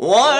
What?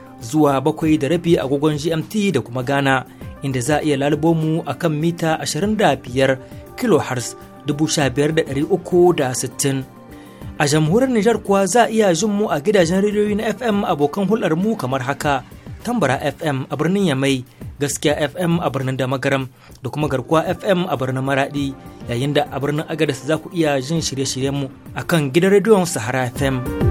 zuwa bakwai da rabi agogon GMT da kuma Ghana inda za a iya lalubo mu a kan mita 25 kHz 15,360. A jamhuriyar Nijar kuwa za a iya jin mu a gidajen rediyoyi na FM abokan hulɗar mu kamar haka Tambara FM a birnin Yamai, Gaskiya FM a birnin Damagaram da kuma Garkuwa FM a birnin Maradi yayin da a birnin Agadas za ku iya jin shirye shiryen mu a kan gidan rediyon Sahara FM.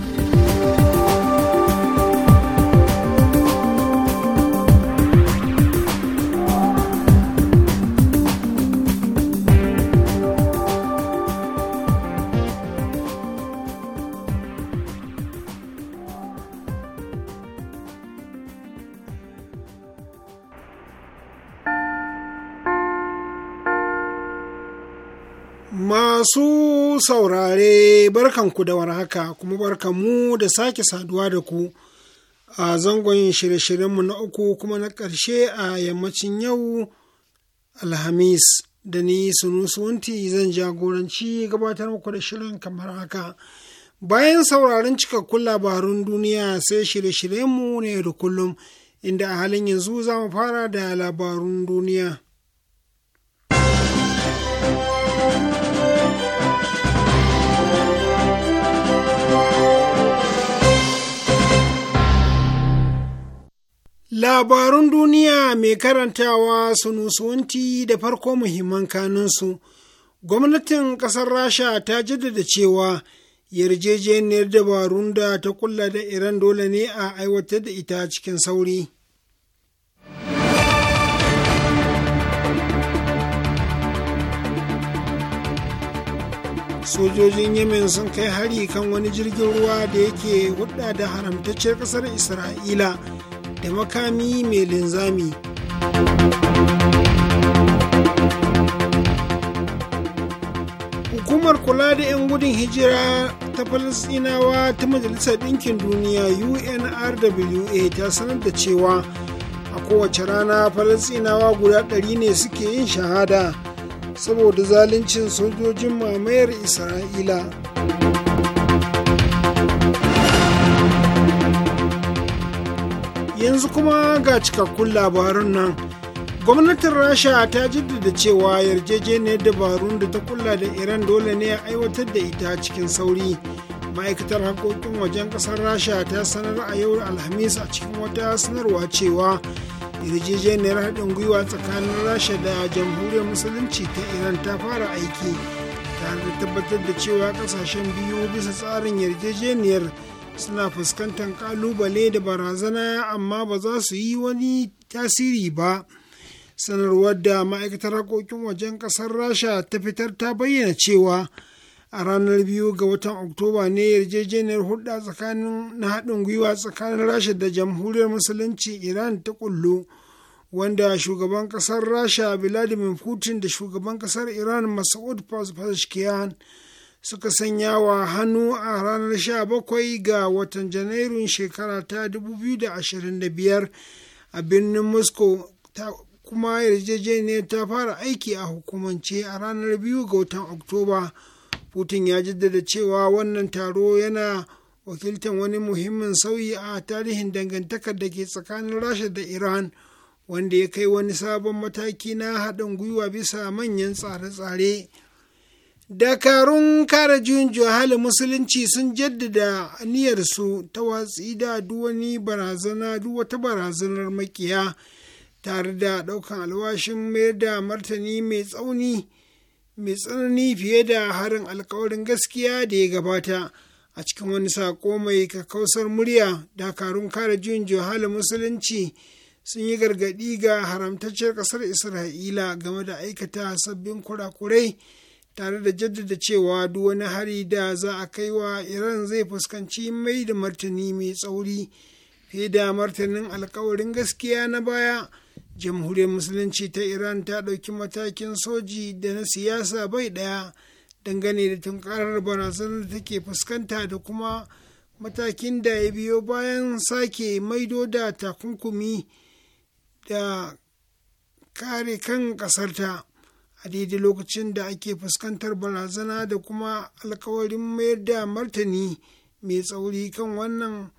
Masu saurare barkanku da warhaka kuma barkanmu da sake saduwa da ku a zangon shirye-shiryenmu na uku kuma na ƙarshe a yammacin yau Alhamis da ni sunusunti zan jagoranci gabatar muku da shirin kamar haka. Bayan sauraron cikakkun labarun duniya sai shirye-shiryenmu ne da kullum inda a halin yanzu za mu fara da labarun duniya. Labarun duniya mai karantawa su sunusuwanti da farko muhimman kanunsu. Gwamnatin ƙasar Rasha ta jaddada cewa yarjejeniyar dabarun da ta kulla da Iran dole ne a aiwatar da ita cikin sauri. sojojin yemen sun kai hari kan wani jirgin ruwa da yake hudda da haramtacciyar ƙasar isra'ila da makami mai linzami hukumar kula da 'yan gudun hijira ta falasinawa ta majalisar ɗinkin duniya unrwa ta sanar da cewa a kowace rana falasinawa guda ɗari ne suke yin shahada saboda zaluncin sojojin mamayar isra'ila yanzu kuma ga cikakkun labarun nan gwamnatin rasha ta jaddada cewa yarjejeniyar dabarun da ta kula da iran dole ne a aiwatar da ita cikin sauri ma'aikatar haƙoƙin wajen ƙasar rasha ta sanar a yau alhamis a cikin wata sanarwa cewa yarjejeniyar haɗin gwiwa tsakanin rasha da jamhuriyar musulunci ta iran ta fara aiki tare da tabbatar da cewa ƙasashen biyu bisa tsarin yarjejeniyar suna fuskantar kalubale da barazana amma ba za su yi wani tasiri ba sanarwar da ma'aikatar harkokin wajen ƙasar rasha ta fitar ta bayyana cewa a ranar biyu ga watan oktoba ne yarjejeniyar hulɗa tsakanin na haɗin gwiwa tsakanin rasha da jamhuriyar musulunci iran ta kullu wanda shugaban kasar rasha vladimir putin da shugaban kasar iran masaud pezeshkian suka sanya wa hannu a ranar 17 ga watan janairun shekara ta 2025 a birnin moscow kuma yarjejeniyar ta fara aiki a hukumance a ranar 2 ga watan oktoba putin ya jaddada cewa wannan taro yana wakiltar wani muhimmin sauyi a tarihin dangantakar da ke tsakanin rasha da iran wanda ya kai wani sabon mataki na haɗin gwiwa bisa manyan tsare-tsare dakarun kare juyin juhali musulunci sun jaddada aniyarsu ta watsi da duwani barazana duk wata barazanar makiya tare da ɗaukan alwashin mayar da martani mai tsauni mai tsanani fiye da harin alkawarin gaskiya da ya gabata a cikin wani sako mai kakausar murya dakarun kare juyin juhali musulunci sun yi gargaɗi ga haramtacciyar ƙasar isra'ila game da aikata sabbin kurakurai tare da jaddada cewa duk wani hari da za a kai wa iran zai fuskanci mai da martani mai tsauri fiye da martanin alkawarin gaskiya na baya jamhuriyar musulunci ta iran ta ɗauki matakin soji da na siyasa bai ɗaya dangane da tunkarar barazanar da take fuskanta da kuma matakin da ya biyo bayan sake maido da takunkumi da kare kan ƙasarta. a daidai lokacin da ake fuskantar barazana da kuma alkawarin mayar da martani mai tsauri kan wannan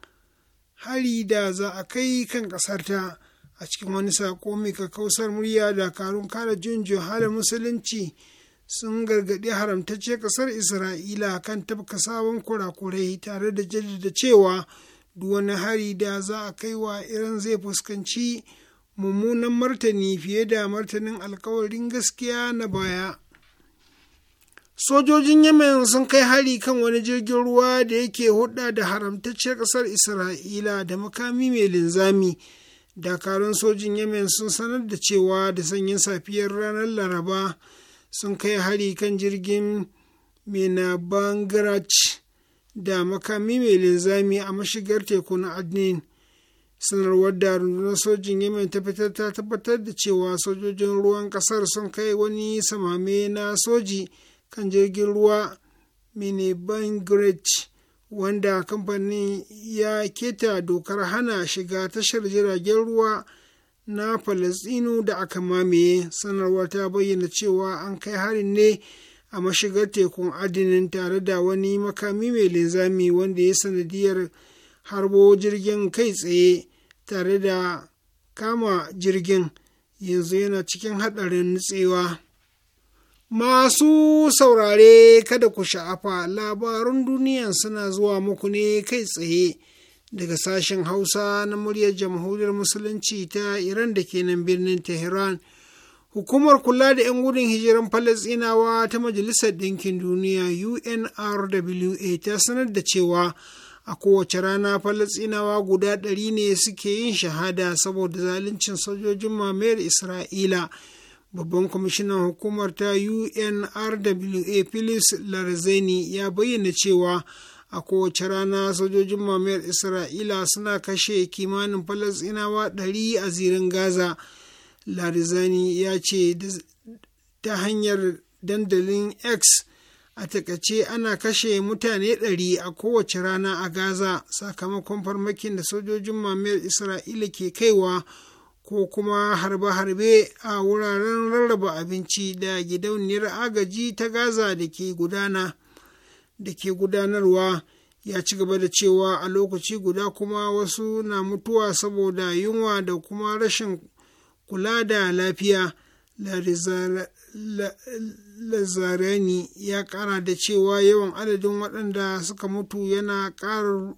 hari da za a kai kan ƙasarta a cikin wani saƙo mai kakausar murya da karun kare junjo halin musulunci sun gargaɗi haramtacce ƙasar isra'ila kan tafka sabon kurakurai tare da jaddada cewa duk wani hari da za a kai wa iran zai fuskanci mummunan martani fiye da martanin alkawarin gaskiya na baya sojojin yemen sun kai hari kan wani jirgin ruwa da yake hudda da haramtacciyar ƙasar isra'ila da makami mai linzami dakarun sojin yemen sun sanar da cewa da sanyin safiyar ranar laraba sun kai hari kan jirgin menabangarach da makami mai linzami a mashigar teku na adnin sanarwar da rundunar sojin yemen ta fitar ta tabbatar da cewa sojojin ruwan kasar sun kai wani samame na soji kan jirgin ruwa minibangrej wanda kamfanin ya keta dokar hana shiga tashar jiragen ruwa na falasinu da aka mamaye sanarwar ta bayyana cewa an kai harin ne a mashigar tekun adinin tare da wani makami mai linzami wanda ya sanadiyar harbo jirgin kai tsaye tare da kama jirgin yanzu yana cikin haɗarin nutsewa. Masu saurare kada ku sha'afa labarun duniya suna zuwa muku ne kai tsaye daga sashen Hausa na muryar Jamhuriyar Musulunci ta Iran da ke nan birnin Tehran. Hukumar kula da 'yan gudun hijiran Falasɗinawa ta Majalisar Ɗinkin Duniya UNRWA ta sanar da cewa a kowace rana falasinawa guda ɗari ne suke yin shahada saboda zaluncin sojojin mamayar isra'ila babban kwamishinan hukumar ta unrwa phyllis larzani ya bayyana cewa a kowace rana sojojin mamayar isra'ila suna kashe kimanin falasinawa ɗari a zirin gaza larzani ya ce ta hanyar dandalin x a takaice ana kashe mutane ɗari a kowace rana a gaza sakamakon farmakin da sojojin mamayar isra'ila ke kaiwa ko kuma harbe-harbe a wuraren rarraba abinci da gidauniyar agaji ta gaza da ke gudana da ke gudanarwa ya ci gaba da cewa a lokaci guda kuma wasu na mutuwa saboda yunwa da kuma rashin kula da lafiya Lazareni ya kara da cewa yawan adadin waɗanda suka mutu yana ƙara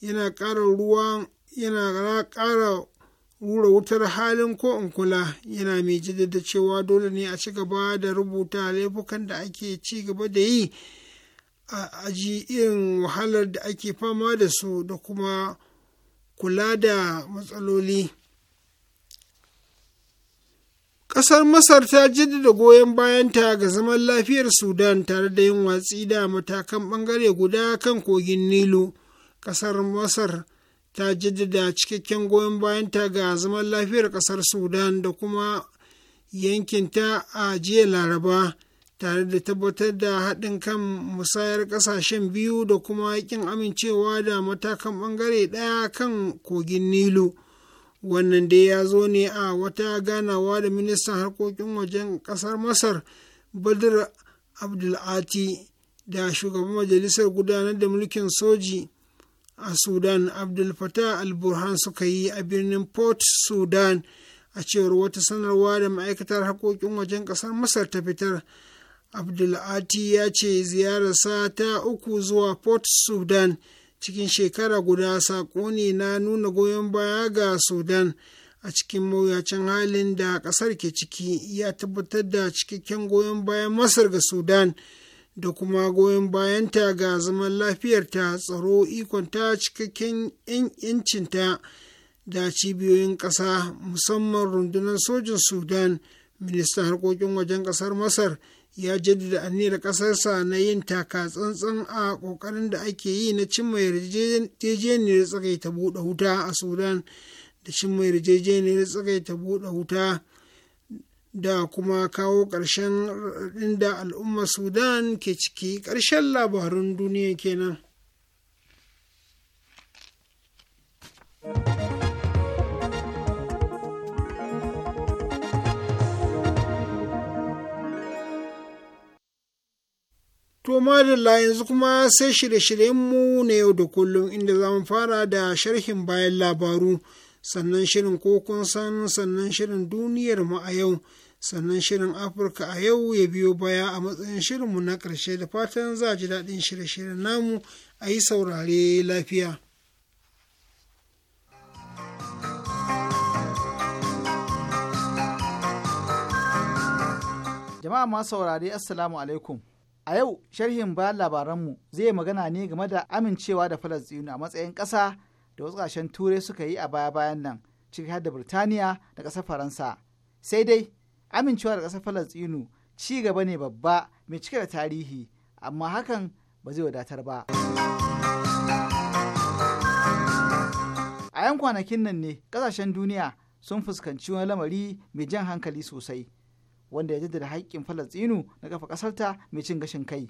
yana ruwan yana ƙara rura wutar halin ko in kula yana mai jaddada cewa dole ne a ci gaba da rubuta laifukan da ake ci gaba da yi a aji irin wahalar da ake fama da su da kuma kula da matsaloli. Ƙasar Masar ta jaddada goyon bayanta ga zaman lafiyar Sudan tare da yin watsi da matakan ɓangare guda kan kogin Nilu. Ƙasar Masar ta jaddada cikakken goyon bayanta ga zaman lafiyar ƙasar Sudan da kuma yankinta a jiya Laraba tare da tabbatar da haɗin kan musayar ƙasashen biyu da kuma yakin amincewa da matakan ɓangare ɗaya kan kogin Nilu. wannan dai ya zo ne a wata ganawa da ministan harkokin wajen kasar masar badr abdulati da shugaban majalisar gudanar da mulkin soji a sudan abdul alburhan al suka yi a birnin port sudan a cewar wata sanarwa da ma'aikatar harkokin wajen kasar masar ta fitar abdulati ya ce ziyararsa ta uku zuwa port sudan cikin shekara guda saƙo ne na nuna goyon baya ga sudan a cikin mawuyacin halin da ƙasar ke ciki ya tabbatar da cikakken goyon bayan masar ga sudan da kuma goyon bayanta ga zaman lafiyarta tsaro ikonta cikakken yancinta da cibiyoyin ƙasa musamman rundunar sojin sudan ministan harkokin wajen ƙasar masar ya jaddada aniyar ƙasarsa na yin taka tsantsan a ƙoƙarin da ake yi na cimma yarjejeniyar ta buɗe wuta a sudan da cimma yarjejeniyar ta buɗe wuta da kuma kawo karshen raɗin da al'ummar sudan ke ciki karshen labarun duniya kenan. To madalla yanzu kuma sai shirye-shiryenmu na yau da kullum inda za mu fara da sharhin bayan labaru, sannan shirin kokon san sannan shirin duniyar mu a yau, sannan shirin Afirka a yau ya biyo baya a matsayin shirinmu na ƙarshe da fatan za ji daɗin shirye-shiryen namu a yi saurare lafiya. Jama'a masu saurare Assalamu alaikum. A yau sharhin bayan labaranmu zai yi magana ne game da amincewa da Falasɗinu a matsayin ƙasa da wasu ƙasashen Turai suka yi a baya-bayan nan ciki har da Birtaniya da ƙasar Faransa. Sai dai amincewa da ƙasar Falasɗinu ci gaba ne babba mai cike da tarihi amma hakan ba zai wadatar ba. A 'yan kwanakin nan ne ƙasashen duniya sun fuskanci wani lamari mai jan hankali sosai wanda ya jaddada haƙƙin falastinu na kafa ƙasarta mai cin gashin kai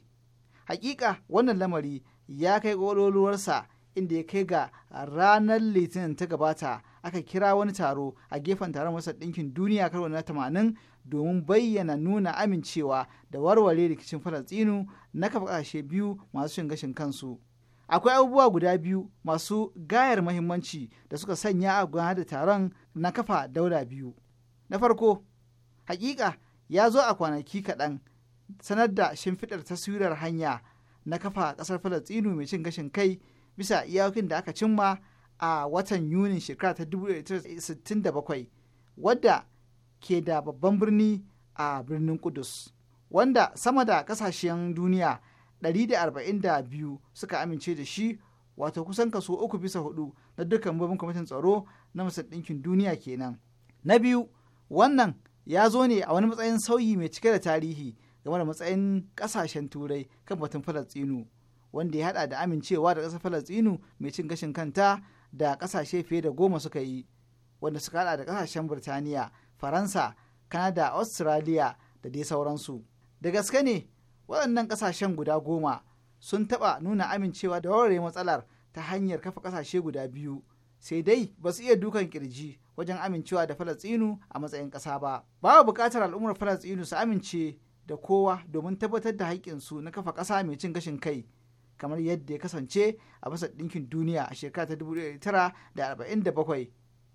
hakika wannan lamari ya kai ƙololuwarsa inda ya kai ga ranar litinin ta gabata aka kira wani taro a gefen taron masar ɗinkin duniya karo na tamanin domin bayyana nuna amincewa da warware rikicin falastinu na kafa ƙasashe biyu masu cin gashin kansu akwai abubuwa guda biyu masu gayar mahimmanci da suka sanya a gudanar da taron na kafa daula biyu na farko hakika ya zo a kwanaki kaɗan sanar da shimfiɗar taswirar hanya na kafa ƙasar falastinu mai cin gashin kai bisa iyakokin da aka cimma a watan yunin shekara ta 1967 wadda ke da babban birni a birnin kudus wanda sama da ƙasashen duniya 142 suka amince da shi wato kusan kaso uku bisa hudu na dukkan babban kwamitin tsaro na masar ɗinkin duniya kenan na biyu wannan ya zo ne a wani matsayin sauyi mai cike da tarihi game da matsayin kasashen turai kan batun falastinu wanda ya haɗa da amincewa da ƙasar falastinu mai cin gashin kanta da ƙasashe fiye da goma suka yi wanda suka haɗa da ƙasashen birtaniya faransa kanada australia da dai sauransu da gaske ne waɗannan ƙasashen guda goma sun taɓa nuna amincewa da warware matsalar ta hanyar kafa ƙasashe guda biyu sai dai ba su iya dukan kirji wajen amincewa da falastinu a matsayin ƙasa ba babu buƙatar al'ummar falastinu su amince da kowa domin tabbatar da haƙƙinsu na kafa ƙasa mai cin gashin kai kamar yadda ya kasance a masa ɗinkin duniya a shekara ta 1947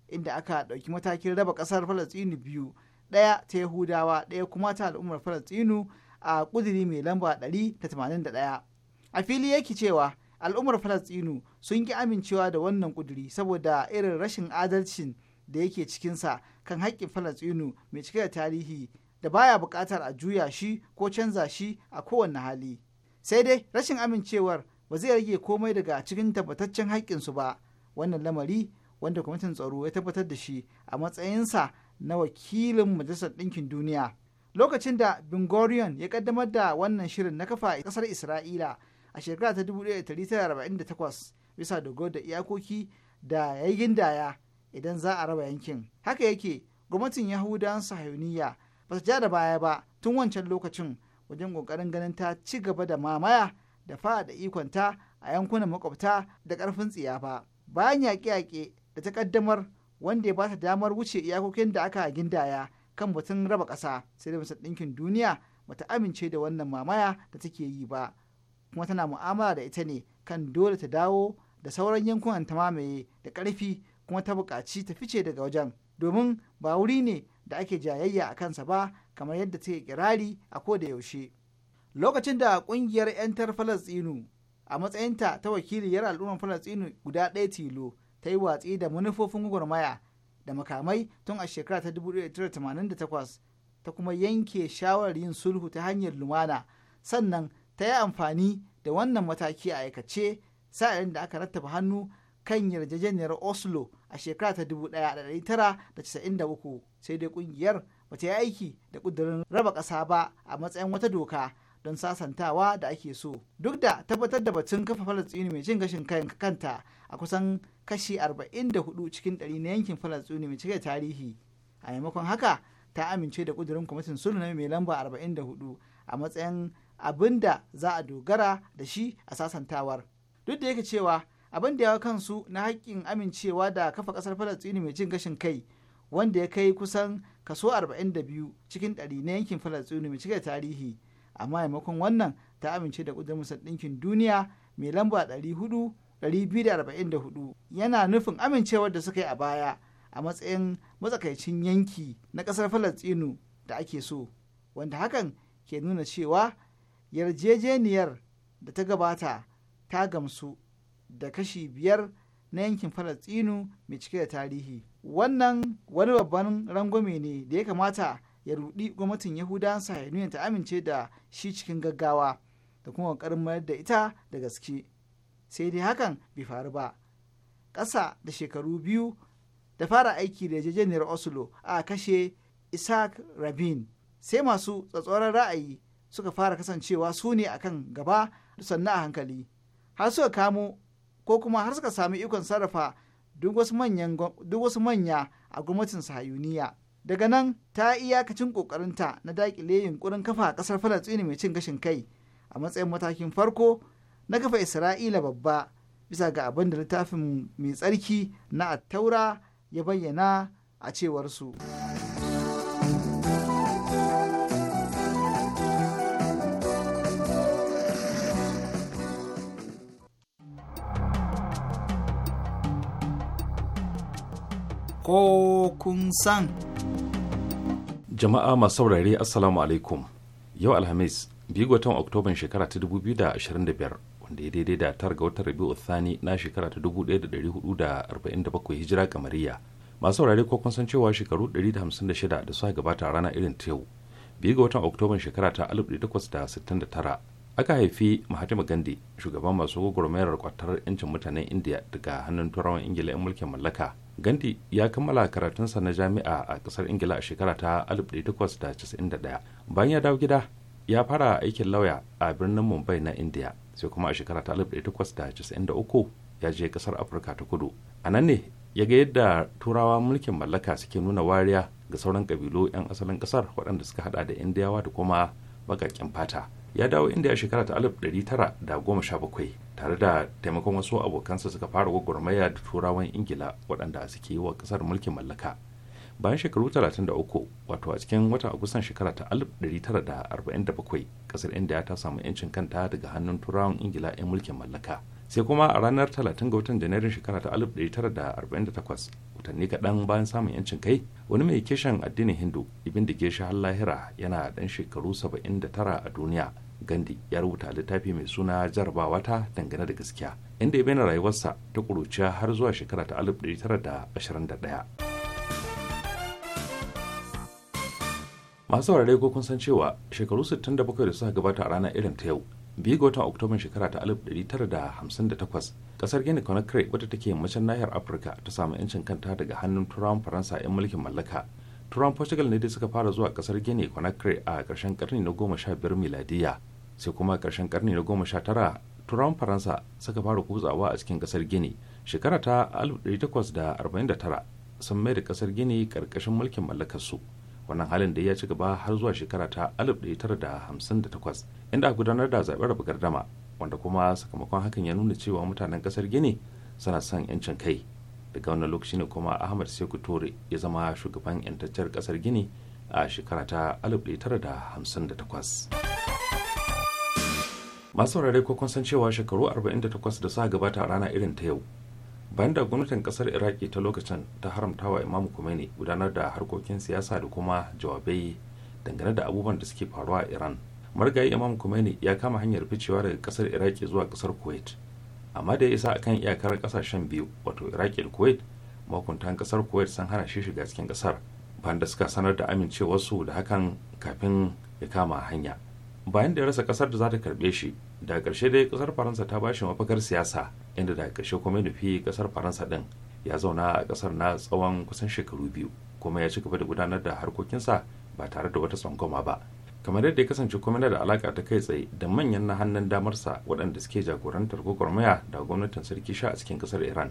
inda aka ɗauki matakin raba ƙasar falastinu biyu ɗaya ta yahudawa ɗaya kuma ta al'ummar falastinu a ƙudiri mai lamba 181 a fili yake cewa al'ummar falastinu sun ki amincewa da wannan ƙudiri saboda irin rashin adalcin da yake cikinsa kan haƙƙin falastinu mai cike da tarihi da baya buƙatar a juya shi ko canza shi a kowane hali sai dai rashin amincewar ba zai rage komai daga cikin tabbataccen haƙƙinsu ba wannan lamari wanda kwamitin tsaro ya tabbatar da shi a matsayinsa na wakilin majalisar ɗinkin duniya lokacin da bingorion ya kaddamar da wannan shirin na kafa ƙasar isra'ila a shekara ta 1948 bisa dogo da iyakoki da ya gindaya idan za a raba yankin haka yake gwamnatin yahudan sahiyuniya ba ta ja da baya ba tun wancan lokacin wajen kokarin ganin ta ci gaba da mamaya da da ikonta a yankunan makwabta da ƙarfin tsiya ba bayan yaƙe-yaƙe da ta ƙaddamar wanda ya ba ta damar wuce iyakokin da aka gindaya kan batun raba ƙasa sai da ɗinkin duniya bata amince da wannan mamaya da take yi ba kuma tana mu'amala da ita ne kan dole ta dawo da sauran yankunan ta mamaye da ƙarfi kuma ta buƙaci ta fice daga wajen domin ba wuri ne da ake jayayya a kansa ba kamar yadda take kirari a ko da yaushe lokacin da ƙungiyar 'yantar falastinu a matsayinta ta wakiliyar al'ummar falastinu guda ɗaya tilo ta yi watsi da manufofin gwagwarmaya da makamai tun a shekara ta 1988 ta kuma yanke shawarar yin sulhu ta hanyar lumana sannan ta yi amfani da wannan mataki a aikace sa'ilin da aka rattaba hannu kan yarjejeniyar oslo a shekara ta dubu ɗaya da da casa'in uku. sai dai ƙungiyar ba ta yi aiki da ƙudurin raba ƙasa ba a matsayin wata doka don sasantawa da ake so duk da tabbatar da batun kafa falastini mai cin gashin kayan kanta a kusan kashi arba'in da hudu cikin ɗari na yankin falastini mai cike tarihi a maimakon haka ta amince da ƙudurin kwamitin sulhu mai lamba arba'in 44 a matsayin abin da za a dogara da shi a sasantawar duk da yake cewa abin da ya kansu na haƙƙin amincewa da kafa ƙasar falastini mai cin gashin kai wanda ya kai kusan kaso 42 cikin 100 na yankin falastini mai cike tarihi amma maimakon wannan ta amince da ƙudurin ɗinkin duniya mai lamba 444 yana nufin amincewar da suka yi a baya a matsayin matsakaicin yanki na ƙasar falastinu da ake so wanda hakan ke nuna cewa yarjejeniyar da ta gabata ta gamsu da kashi biyar na yankin falastinu mai cike da tarihi wannan wani babban rangwame ne da ya kamata ya rudi gwamnatin yahudan nuna ta amince da shi cikin gaggawa da kuma ƙoƙarin mayar da ita da gaske sai dai hakan bai faru ba ƙasa da shekaru biyu da fara aiki da yarjejeniyar oslo a kashe isaac rabin sai masu tsatsoron ra'ayi suka fara kasancewa su ne akan gaba sannan a hankali har suka kamo ko kuma har suka sami ikon sarrafa duk wasu manya a gwamnatin sahayuniya daga nan ta iyakacin kokarinta na dakile yunkurin kafa kasar falastini mai cin gashin kai a matsayin matakin farko na kafa isra'ila babba bisa ga abin da littafin mai tsarki na attaura ya bayyana a cewarsu. su ko kun san. Jama'a masu saurare Assalamu alaikum. Yau Alhamis, biyu watan Oktoban shekara ta 2025 wanda ya daidai da tar ga watan Rabi'u Thani na shekara ta 1447 Hijira kamariya. Masu saurare ko kun san cewa shekaru 156 da suka gabata a rana irin ta yau. Biyu ga watan Oktoban shekara ta 1869 aka haifi Mahatma Gandhi, shugaban masu gwagwarmayar kwatar 'yancin mutanen india daga hannun turawan Ingila 'yan mulkin mallaka. gandhi ya kammala karatunsa na jami'a a kasar ingila a shekara ta 1891 bayan ya dawo gida ya fara aikin lauya a birnin mumbai na india sai kuma a shekara ta 1893 ya je kasar afirka ta kudu a nan ne ya ga yadda turawa mulkin mallaka suke nuna wariya ga sauran kabilu 'yan asalin kasar waɗanda suka hada da indiyawa da kuma bakakin fata ya dawo india shekara ta 1917 tare da taimakon wasu abokansa suka fara gwagwarmaya da turawan ingila waɗanda suke yi wa ƙasar mulkin mallaka bayan shekaru 33 wato a cikin watan agustan shekara ta 1947 ƙasar india ta samu 'yancin kanta daga hannun turawan ingila 'yan mulkin mallaka sai kuma a ranar 30 ga watan janairun shekara ta 1948 watanni kaɗan bayan samun yancin kai wani mai kishin addinin hindu ibin da gesha lahira yana ɗan shekaru 79 a duniya gandi ya rubuta littafi mai suna jarabawa ta dangane da gaskiya inda ya bayyana rayuwarsa ta ƙuruciya har zuwa shekara ta 1921 masu warare ko kun san cewa shekaru 67 da suka gabata a ranar irin ta yau biyu ga watan oktoban shekara ta 1958 kasar gini conakry wadda take yammacin nahiyar afirka ta samu 'yancin kanta daga hannun turawan faransa 'yan mulkin mallaka turan portugal ne dai suka fara zuwa kasar gini conakry a ƙarshen karni na goma sha biyar miladiya sai kuma ƙarshen karni na goma sha tara turan faransa suka fara kutsawa a cikin kasar gini shekara ta 1849 sun mai da kasar gini ƙarƙashin mulkin mallakarsu wannan halin da ya ci gaba har zuwa shekara ta 1958 inda a gudanar da zaɓen raba gardama wanda kuma sakamakon hakan ya nuna cewa mutanen kasar gini suna son 'yancin kai daga wannan lokaci ne kuma ahmad seku tore ya zama shugaban yantacciyar kasar gini a shekara ta 1958 masu saurare ko kun san cewa shekaru 48 da sa gabata a rana irin ta yau bayan da gwamnatin kasar iraki ta lokacin ta haramtawa imam kumeni gudanar da harkokin siyasa da kuma jawabai dangane da abubuwan da suke faruwa a iran marigayi imam kumeni ya kama hanyar ficewa daga kasar iraki zuwa kasar kuwait amma da ya isa a kan iyakar kasashen biyu wato iraki da kuwait makuntan kasar kuwait sun hana shi shiga cikin kasar bayan da suka sanar da amincewarsu da hakan kafin ya kama hanya bayan da ya rasa kasar da za ta karbe shi daga karshe dai kasar faransa ta ba shi mafakar siyasa inda daga karshe kuma nufi kasar faransa din ya zauna a kasar na tsawon kusan shekaru biyu kuma ya ci gaba da gudanar da harkokinsa ba tare da wata tsangwama ba kamar yadda ya kasance kuma yana da alaka ta kai tsaye da manyan na hannun damarsa waɗanda suke jagorantar gwagwarmaya da gwamnatin sarki sha a cikin ƙasar iran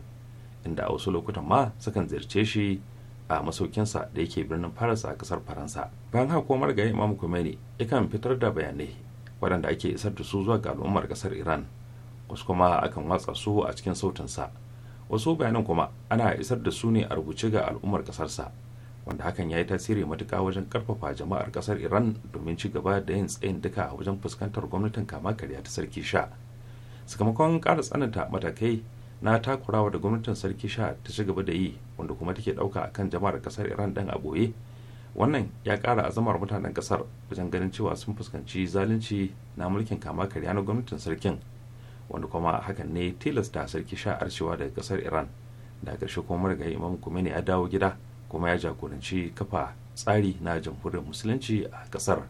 inda a wasu lokutan ma sukan ziyarce shi a masaukinsa da yake birnin paris a ƙasar faransa bayan haka kuma marigayi imam ya yakan fitar da bayanai waɗanda ake isar da su zuwa ga al'ummar ƙasar iran wasu kuma akan watsa su a cikin sautinsa wasu bayanan kuma ana isar da su ne a rubuce ga al'ummar ƙasarsa wanda hakan ya yi tasiri matuka wajen karfafa jama'ar kasar iran domin ci gaba da yin tsayin duka wajen fuskantar gwamnatin kama karya ta sarki sha sakamakon ƙara tsananta matakai na takurawa da gwamnatin sarki sha ta ci gaba da yi wanda kuma take ɗauka a kan jama'ar ƙasar iran ɗan a ɓoye wannan ya ƙara azamar mutanen kasar wajen ganin cewa sun fuskanci zalunci na mulkin kama karya na gwamnatin sarkin wanda kuma hakan ne tilasta sarki sha arcewa daga kasar iran da ƙarshe kuma marigayi imam kumeni ya dawo gida kuma ya jagoranci kafa tsari na jamhuriyar musulunci a kasar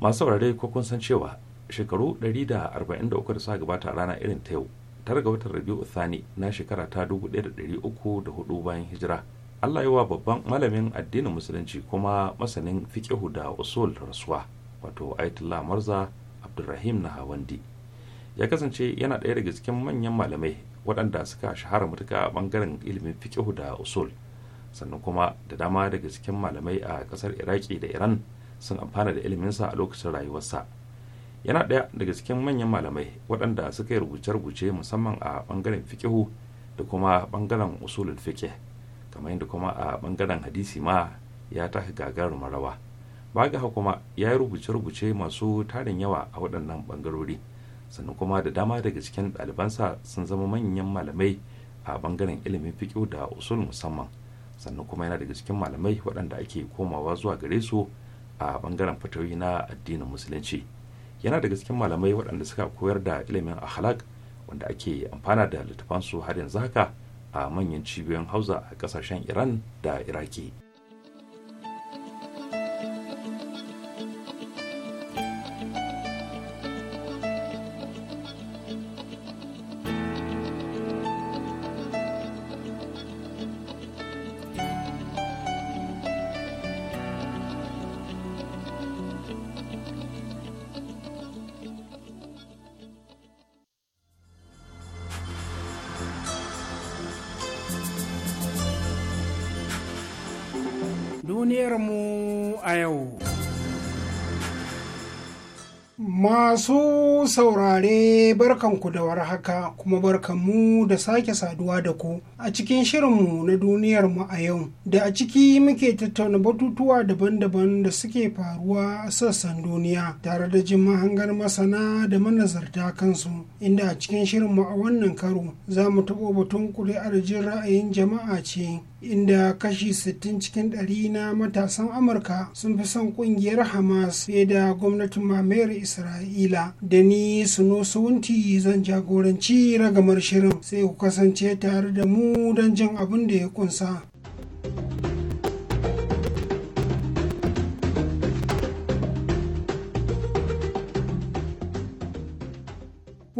masu saurare ko kun san cewa shekaru 143 da suka gabata rana irin ta yau tare ga watan rabiu thani na shekara ta 1304 bayan hijira allah yi wa babban malamin addinin musulunci kuma masanin fiqihu da usul rasuwa wato ayatollah marza abdulrahim na hawandi ya kasance yana ɗaya daga cikin manyan malamai waɗanda suka shahara matuka a ɓangaren ilimin fiƙihu da usul sannan kuma da dama daga cikin malamai a ƙasar iraki da iran sun amfana da iliminsa a lokacin rayuwarsa yana ɗaya daga cikin manyan malamai waɗanda suka yi rubuce-rubuce musamman a ɓangaren fiƙihu da kuma ɓangaren usulul fiƙih kamar yadda kuma a ɓangaren hadisi ma ya taka gagarar marawa ba ga kuma ya yi rubuce-rubuce masu tarin yawa a waɗannan ɓangarori. sannan kuma da dama daga cikin ɗalibansa sun zama manyan malamai a bangaren ilimin fiƙo da usul musamman sannan kuma yana daga cikin malamai waɗanda ake komawa zuwa gare su a bangaren fatawi na addinin musulunci yana daga cikin malamai waɗanda suka koyar da ilimin ahlak wanda ake amfana da littafansu har yanzu haka a manyan cibiyoyin hausa a ƙasashen iran da iraki barkanku da warhaka kuma barkanmu da sake saduwa da ku a cikin shirin mu na duniyarmu a yau da a ciki muke tattauna batutuwa daban-daban da suke faruwa a sassan duniya tare da jin mahangar masana da manazarta kansu inda a cikin shirin mu a wannan karo za mu taɓo batun ƙuri'ar jin ra'ayin jama'a ce inda kashi 60 cikin ɗari na matasan amurka sun fi son ƙungiyar hamas fiye da gwamnatin mamayar isra'ila da ni suno suwunti zan jagoranci ragamar shirin sai ku kasance tare da mu don jin abin da ya kunsa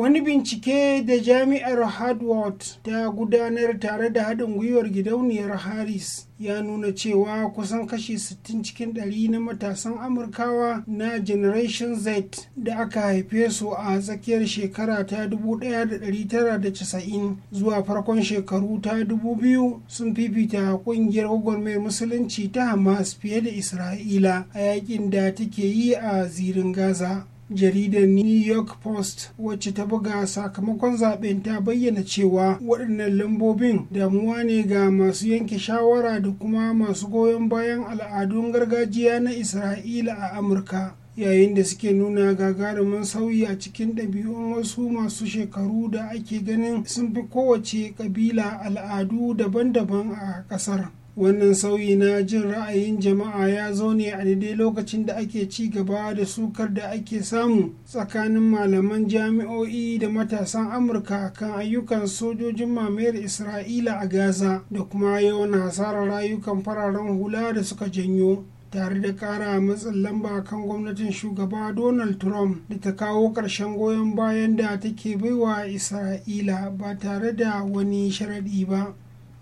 wani bincike da jami'ar harvard ta gudanar tare da haɗin gwiwar gidauniyar harris ya nuna cewa kusan kashi 60 cikin ɗari na matasan amurkawa na generation z da aka haife su a tsakiyar shekara ta 1990 zuwa farkon shekaru ta 2000 sun fifita kungiyar gwagwarmayar musulunci ta hamas fiye da isra'ila a yakin da take yi a zirin gaza jaridar new york post wacce ta buga sakamakon zaben ta bayyana cewa waɗannan lambobin damuwa ne ga masu yanke shawara da kuma masu goyon bayan al'adun gargajiya na isra'ila a amurka yayin da suke nuna gagarumin sauyi a cikin ɗabi'un wasu masu shekaru da ake ganin sun fi kowace ƙabila al'adu daban-daban a ƙasar wannan sauyi na jin ra'ayin jama'a ya zo ne a daidai lokacin da ake ci gaba da sukar da ake samu tsakanin malaman jami'o'i da matasan amurka kan ayyukan sojojin mamayar isra'ila a gaza da kuma yawan hasarar rayukan fararen hula da suka janyo tare da kara matsin lamba kan gwamnatin shugaba donald trump da ta kawo ƙarshen goyon bayan da take baiwa isra'ila ba tare da wani sharaɗi ba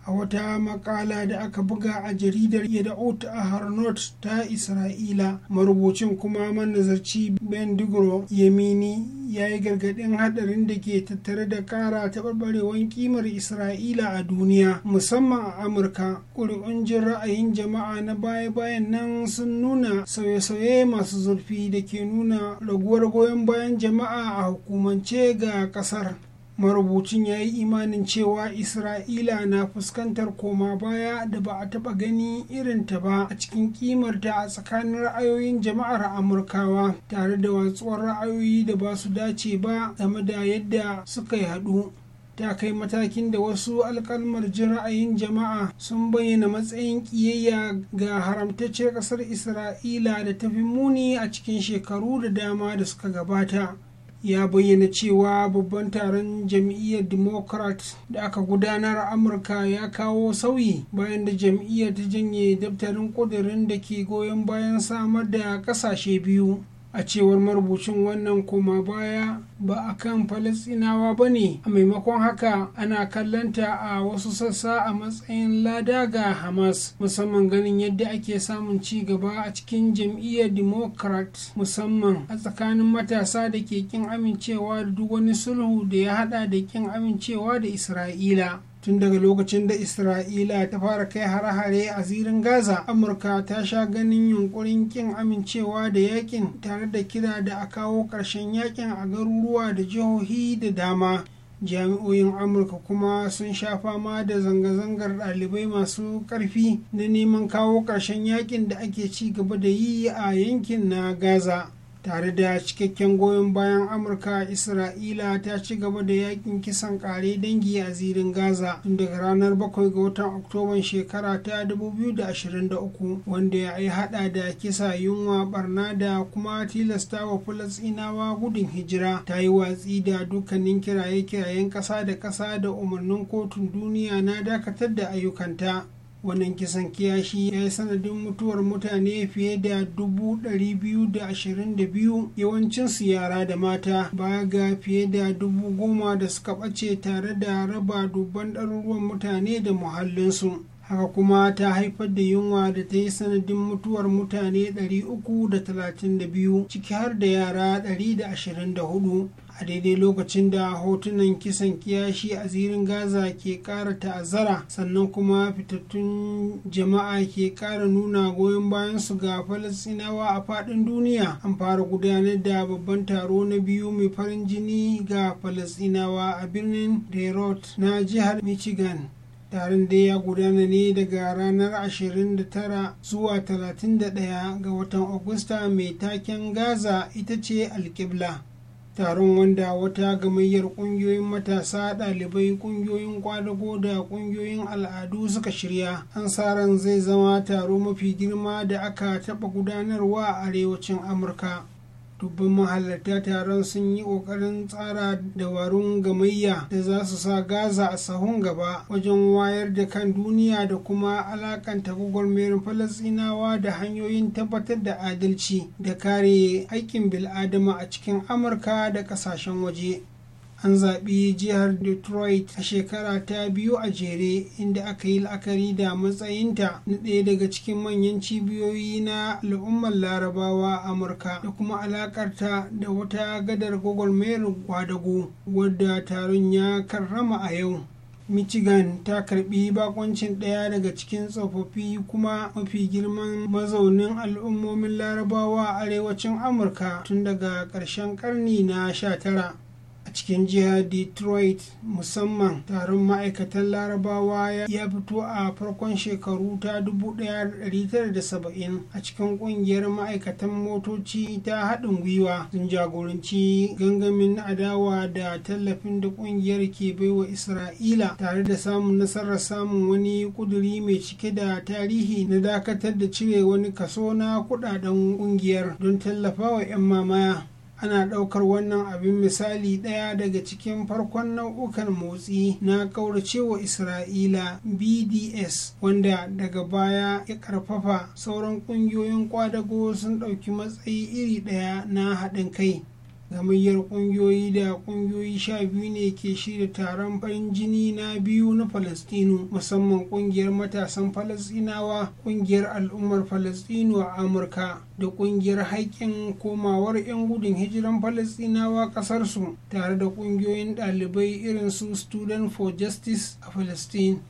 a wata makala da aka buga a jaridar yadda'ut a harnot ta isra'ila marubucin kuma manazarci bendigro yamini ya yi gargaɗin hadarin da ke tattare da ƙara taɓarɓarewar kimar isra'ila a duniya musamman a amurka ƙuri'un jin ra'ayin jama'a na baya-bayan nan sun nuna sauye-sauye masu zurfi da ke nuna raguwar goyon bayan jama'a a hukumance ga ƙasar marubucin ya yi imanin cewa isra'ila na fuskantar koma baya da ba a taɓa gani irin ta ba a cikin kimarta a tsakanin ra'ayoyin jama'ar amurkawa tare da watsuwar ra'ayoyi da ba su dace ba game da yadda suka yi haɗu ta kai matakin da wasu alkalmar jin ra'ayin jama'a sun bayyana matsayin kiyayya ga haramtacciyar ƙasar isra'ila da tafi muni a cikin shekaru da dama da suka gabata ya bayyana cewa babban taron jam'iyyar democrat da aka gudanar amurka ya kawo sauyi bayan da jam'iyyar ta janye daftarin kudirin da ke goyon bayan samar da kasashe biyu a cewar marubucin wannan koma baya ba a kan falasinawa ba ne a maimakon haka ana kallanta a wasu sassa a matsayin lada ga hamas musamman ganin yadda ake samun ci gaba a cikin jam'iyyar democrat musamman a tsakanin matasa da ke kin amincewa da duk wani sulhu da ya hada da kin amincewa da isra'ila tun daga lokacin da isra'ila ta fara kai hare-hare a zirin gaza amurka ta sha ganin yunkurin kin amincewa da yakin tare da kira da a kawo ƙarshen yakin a garuruwa da jihohi da dama jami'oyin amurka kuma sun sha fama da zanga-zangar ɗalibai masu ƙarfi na neman kawo ƙarshen yakin da ake ci gaba da yi a yankin na gaza tare da cikakken goyon bayan amurka isra'ila ta ci gaba da yakin kisan kare dangi a zirin gaza tun daga ranar 7 ga watan oktoban shekara ta 2023 wanda ya yi hada da kisa yunwa barna da kuma tilasta wa falasinawa gudun hijira ta yi watsi da dukkanin kiraye-kirayen kasa da kasa da umarnin kotun duniya na dakatar da ayyukanta wannan kisan kiyashi ya yi sanadin mutuwar mutane fiye da dubu 222 yawancinsu yara da mata baya ga fiye da dubu goma da suka ɓace tare da raba dubban ɗaruruwan mutane da muhallinsu haka kuma ta haifar da yunwa da ta yi sanadin mutuwar mutane 332 ciki har da yara 124 a daidai lokacin da hotunan kisan kiyashi a zirin gaza ke kara ta'azzara sannan kuma fitattun jama'a ke kara nuna goyon bayan su ga falasinawa a fadin duniya an fara gudanar da babban taro na biyu mai farin jini ga falasinawa a birnin Detroit na jihar michigan taron da ya gudana ne daga ranar 29 zuwa 31 ga watan agusta mai taken gaza ita ce alkibla taron wanda wata gamayyar ƙungiyoyin matasa ɗalibai ƙungiyoyin kwadago da ƙungiyoyin al'adu suka shirya an ran zai zama taro mafi girma da aka taɓa gudanarwa a arewacin amurka dubban mahalarta taron sun yi kokarin tsara dabarun gamayya da za su sa gaza a sahun gaba wajen wayar da kan duniya da kuma alakanta gwagwarmayar falasinawa da hanyoyin tabbatar da adalci da kare aikin bil'adama a cikin amurka da ƙasashen waje an zaɓi jihar detroit a shekara ta biyu a jere inda aka yi la'akari da matsayinta na ɗaya daga cikin manyan cibiyoyi na al'ummar larabawa a amurka da kuma alakarta da wata gadar Gogol mayar gwadago wadda taron ya karrama a yau michigan ta karbi bakoncin ɗaya daga cikin tsofaffi kuma mafi girman mazaunin al'ummomin larabawa a arewacin amurka tun daga ƙarshen karni na 19 cikin jihar detroit musamman taron ma'aikatan larabawa ya fito a farkon shekaru ta 1970 a cikin kungiyar ma'aikatan motoci ta haɗin gwiwa sun jagoranci gangamin adawa da tallafin da kungiyar ke baiwa isra'ila tare da samun nasarar samun wani kuduri mai cike da tarihi na dakatar da cire wani kaso na kudaden kungiyar don tallafawa 'yan mamaya ana ɗaukar wannan abin misali ɗaya daga cikin farkon nau'ukan motsi na ƙauracewa isra'ila bds wanda daga baya ya ƙarfafa sauran ƙungiyoyin ƙwadago sun ɗauki matsayi iri ɗaya na haɗin kai gamayyar ƙungiyoyi da ƙungiyoyi sha biyu ne ke shirya taron farin jini na biyu na falastinu musamman ƙungiyar matasan falastinawa ƙungiyar al'ummar falastinu a amurka da ƙungiyar haƙƙin komawar 'yan gudun hijiran falastinawa ƙasarsu tare da ƙungiyoyin ɗalibai irin su student for justice a falastin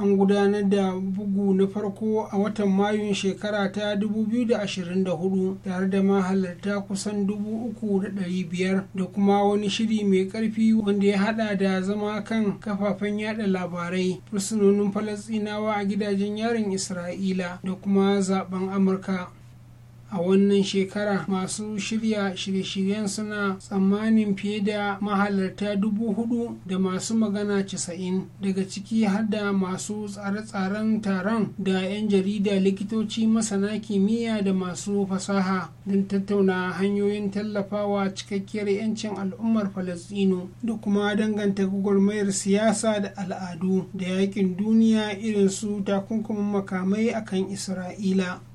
an gudanar da bugu na farko a watan mayun shekara ta 2024 tare da mahalarta kusan 3,500 da kuma wani shiri mai karfi wanda ya hada da zama kan kafafen yada labarai fursunonin falasinawa a gidajen yarin isra'ila da kuma zaben amurka a wannan shekara masu shirya shirye-shiryen suna tsammanin fiye da mahalarta dubu hudu da masu magana casa'in daga ciki har da masu tsare-tsaren taron da 'yan jarida likitoci masana kimiyya da masu fasaha don tattauna hanyoyin tallafawa cikakkiyar 'yancin al'ummar falastino da kuma danganta gwagwarmayar siyasa da al'adu da yakin duniya irin su takunkumin makamai akan isra'ila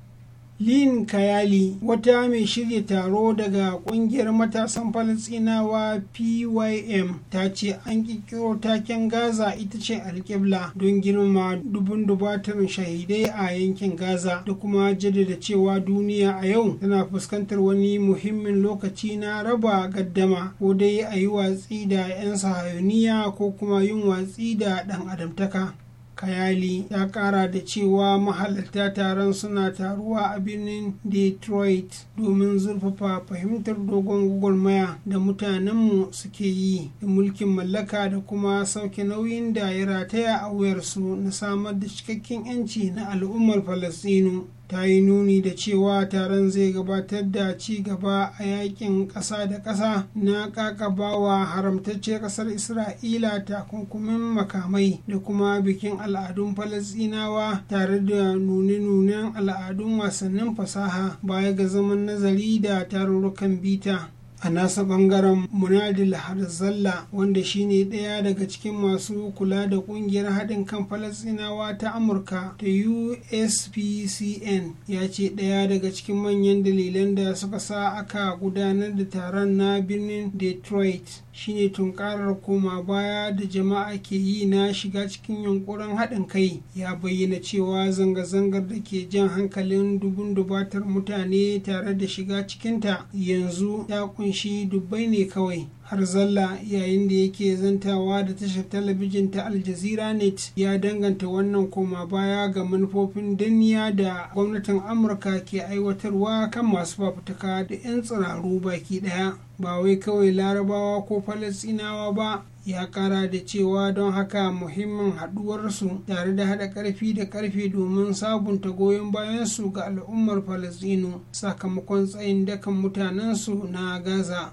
lin kayali wata mai shirya taro daga kungiyar matasan falasinawa pym ta ce an ƙirƙiro taken gaza ita ce alƙibla don girma dubun dubatar shahidai a yankin gaza da kuma jaddada cewa duniya a yau tana fuskantar wani muhimmin lokaci na raba gaddama ko dai a yi watsi da 'yan sahayoniya ko kuma yin watsi da ɗan adamtaka kayali ya kara da cewa mahalarta taron suna taruwa a birnin detroit domin zurfafa fahimtar dogon gwagwarmaya da mutanenmu suke yi da mulkin mallaka da kuma sauke nauyin da ya rataya a wuyarsu na samar da cikakken 'yanci na al'ummar falastinu ta yi nuni da cewa taron zai gabatar da ci gaba a yakin ƙasa da ƙasa na ƙaƙabawa haramtacce ƙasar isra'ila takunkumin makamai da kuma bikin al'adun falasinawa tare da nune-nunen al'adun wasannin fasaha baya ga zaman nazari da tarurrukan bita a nasa bangaren munadil harzalla wanda shine ɗaya daga cikin masu kula da kungiyar haɗin kan falasinawa ta amurka ta uspcn ya ce ɗaya daga cikin manyan dalilan da suka sa aka gudanar da taron na birnin detroit shine tunkarar koma baya da jama'a ke yi na shiga cikin yunkurin haɗin kai ya bayyana cewa zanga-zangar da ke jan hankalin dubun dubatar mutane tare da shiga cikinta yanzu Ya kunshi dubbai ne kawai har zalla yayin da yake zantawa da tashar talabijin ta aljazeera net ya danganta wannan koma baya ga manufofin duniya da gwamnatin amurka ke aiwatarwa kan masu fafutuka da 'yan tsiraru baki daya ba wai kawai larabawa ko falasinawa ba ya kara da cewa don haka muhimmin haɗuwarsu tare da haɗa ƙarfi da ƙarfe domin sabunta goyon bayan su ga al'ummar falasino sakamakon tsayin dakan mutanensu na gaza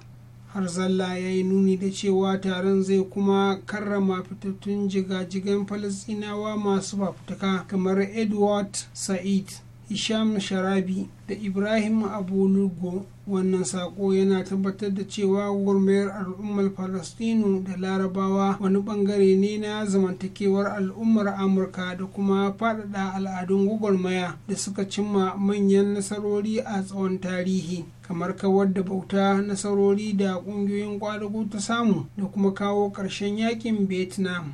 har zalla ya yi nuni da cewa taron zai kuma karrama fitattun jigajigan falasinawa masu fafutuka kamar edward said isham sharabi da ibrahim abolugo wannan sako yana tabbatar da cewa gurmayar al'ummar falastinu da larabawa wani bangare ne na zamantakewar al'ummar amurka da kuma faɗaɗa al'adun gwagwarmaya da suka cimma manyan nasarori a tsawon tarihi kamar kawar da bauta nasarori da ƙungiyoyin kwadago ta samu da kuma kawo ƙarshen yakin vietnam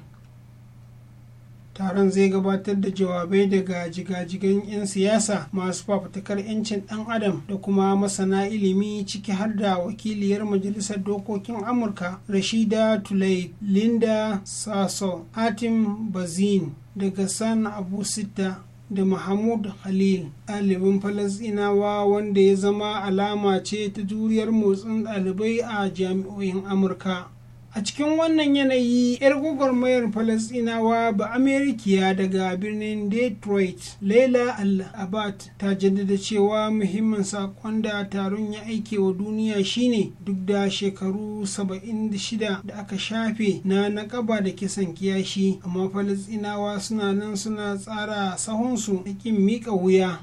taron zai gabatar da jawabai daga jigajigan 'yan siyasa masu fafutukar 'yancin dan adam da kuma masana ilimi ciki har da wakiliyar majalisar dokokin amurka rashida tulai linda sasso hatim bazin daga san abu sita da Mahmud Khalil ɗalibin Falasɗinawa wanda ya zama alama ce ta juriyar motsin ɗalibai a jami'o'in Amurka. a cikin wannan yanayi 'yar gwagwarmayar falasinawa ba amerikiya daga birnin detroit laila al-abad ta jaddada cewa muhimmin sakon da taron ya aike wa duniya shine duk da shekaru 76 da aka shafe na nakaba da kisan kiyashi amma falasinawa suna nan suna tsara sahunsu da kin miƙa wuya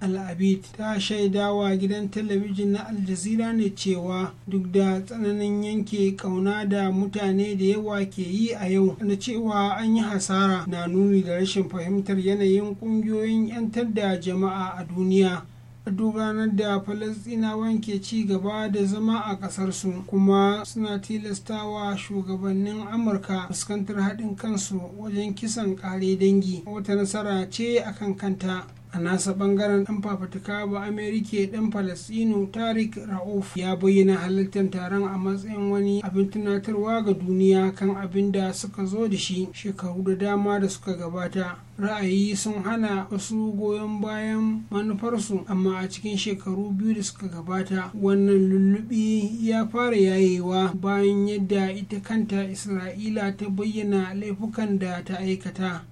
al'abit ta shaidawa gidan talabijin na aljazira ne cewa duk da tsananin yanke kauna da mutane da yawa ke yi a yau na cewa an yi hasara na nuni da rashin fahimtar yanayin kungiyoyin 'yantar da jama'a a duniya duk ranar da falasɗinawan ke ci gaba da zama a ƙasarsu kuma suna tilastawa shugabannin amurka fuskantar haɗin kansu wajen kisan ƙare dangi wata nasara ce akan kanta a nasa bangaren dan fafutuka ba amerika dan palestino tarik rauf ya bayyana halittar taron a matsayin wani abin tunatarwa ga duniya kan abin da suka zo da shi shekaru da dama da suka gabata ra'ayi sun hana wasu goyon bayan manufarsu amma a cikin shekaru biyu da suka gabata wannan lullubi ya fara yayewa bayan yadda ita kanta isra'ila ta bayyana laifukan da ta aikata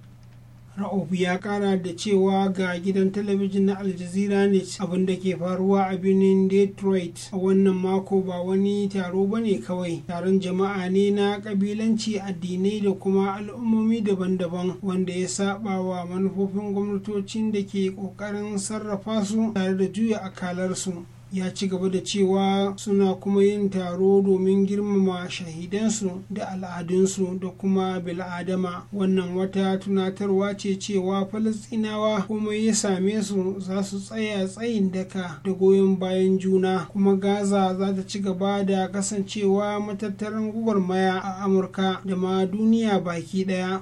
ra'uf ya kara da cewa ga gidan talabijin na Aljazeera ne abin da ke faruwa a birnin detroit a wannan mako ba wani taro ba ne kawai taron jama'a ne na kabilanci addinai da kuma al'ummomi daban-daban wanda ya saba wa manufofin gwamnatocin da ke kokarin sarrafa su tare da juya akalarsu ya ci gaba da cewa suna kuma yin taro domin girmama shahidansu da al'adunsu da kuma bil'adama wannan wata tunatarwa ce cewa falasinawa kuma ya same su za su tsaya tsayin daka da goyon bayan juna kuma gaza za ta ci gaba da kasancewa gubar maya a amurka da ma duniya baki daya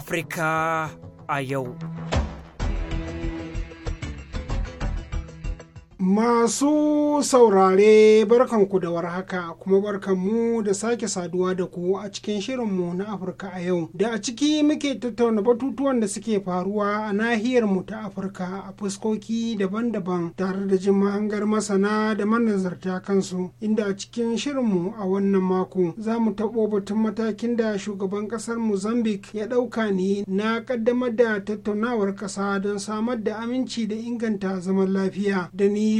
Africa, a Masu saurare barkanku da warhaka kuma barkanmu da sake saduwa da ku a cikin shirinmu na Afirka a yau. Da a ciki muke tattauna batutuwan da suke faruwa a nahiyar mu ta Afirka a fuskoki daban-daban tare da jin mahangar masana da manazarta kansu. Inda a cikin shirinmu a wannan mako za mu taɓo batun matakin da shugaban ƙasar Mozambique ya ɗauka ne na ƙaddamar da tattaunawar ƙasa don samar da aminci da inganta zaman lafiya da ni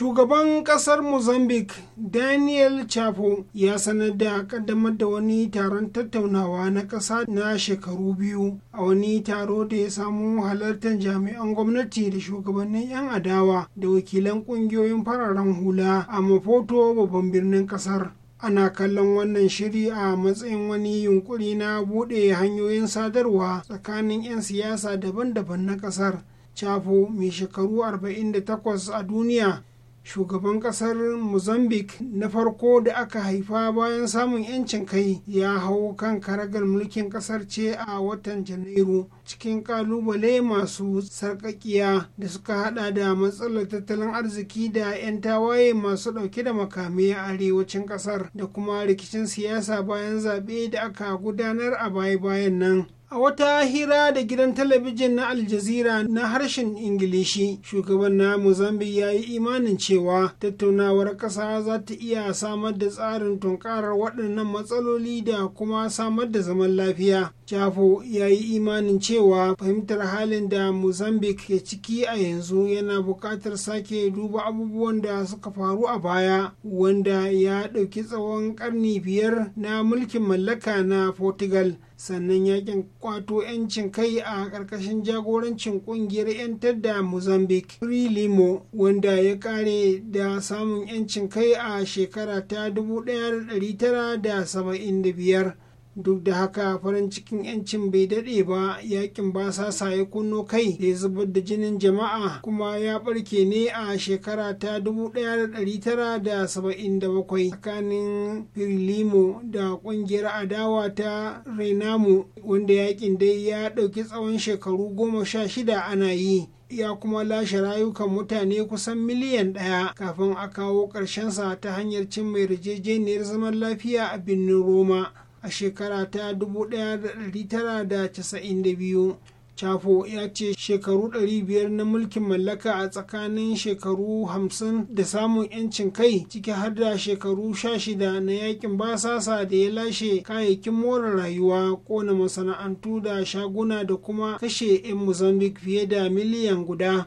shugaban kasar mozambique daniel chapo ya sanar da kaddamar da wani taron tattaunawa na kasa na shekaru biyu a wani taro da ya samu halartar jami'an gwamnati da shugabannin 'yan adawa da wakilan kungiyoyin fararen hula a mafoto babban birnin kasar ana kallon wannan shiri a matsayin wani yunkuri na buɗe hanyoyin sadarwa tsakanin 'yan siyasa daban-daban na kasar chapo mai shekaru 48 a duniya shugaban kasar mozambique na farko da aka haifa bayan samun 'yancin kai ya hau kan karagar mulkin kasar ce a watan janairu cikin kalubale masu sarkakiya da suka hada da matsalar tattalin arziki da 'yan tawaye masu dauke da makamai a arewacin kasar da kuma rikicin siyasa bayan zaɓe da aka gudanar a baya-bayan nan a wata hira da gidan talabijin na aljazira na harshen ingilishi shugaban na mozambique ya yi imanin cewa tattaunawar ƙasa za ta iya samar da tsarin tunkarar waɗannan matsaloli da kuma samar da zaman lafiya jafo ya yi imanin cewa fahimtar halin da mozambique ke ciki a yanzu yana buƙatar sake duba abubuwan da suka faru a baya wanda ya ɗauki tsawon ƙarni biyar na mulkin mallaka na portugal sannan yakin kwato 'yancin kai a ƙarƙashin jagorancin ƙungiyar 'yantar da mozambique free limo wanda ya kare da samun 'yancin kai a shekara ta 1975 duk da haka farin cikin yancin bai daɗe ba yakin basasa ya kunno kai da ya zubar da jinin jama'a kuma ya ɓarke ne a shekara ta 1977 tsakanin firlimo da ƙungiyar adawa ta renamo wanda yakin dai ya ɗauki tsawon shekaru goma sha shida ana yi ya kuma lashe rayukan mutane kusan miliyan ɗaya kafin a kawo ƙarshensa ta hanyar cin mai yarjejeniyar zaman lafiya a birnin roma a shekara ta 1992 Chapo ya ce shekaru 500 na mulkin mallaka a tsakanin shekaru 50 da samun 'yancin kai ciki har da shekaru 16 na yakin basasa da ya lashe kayayyakin more rayuwa kona masana'antu da shaguna da kuma kashe 'yan Mozambique fiye da miliyan guda.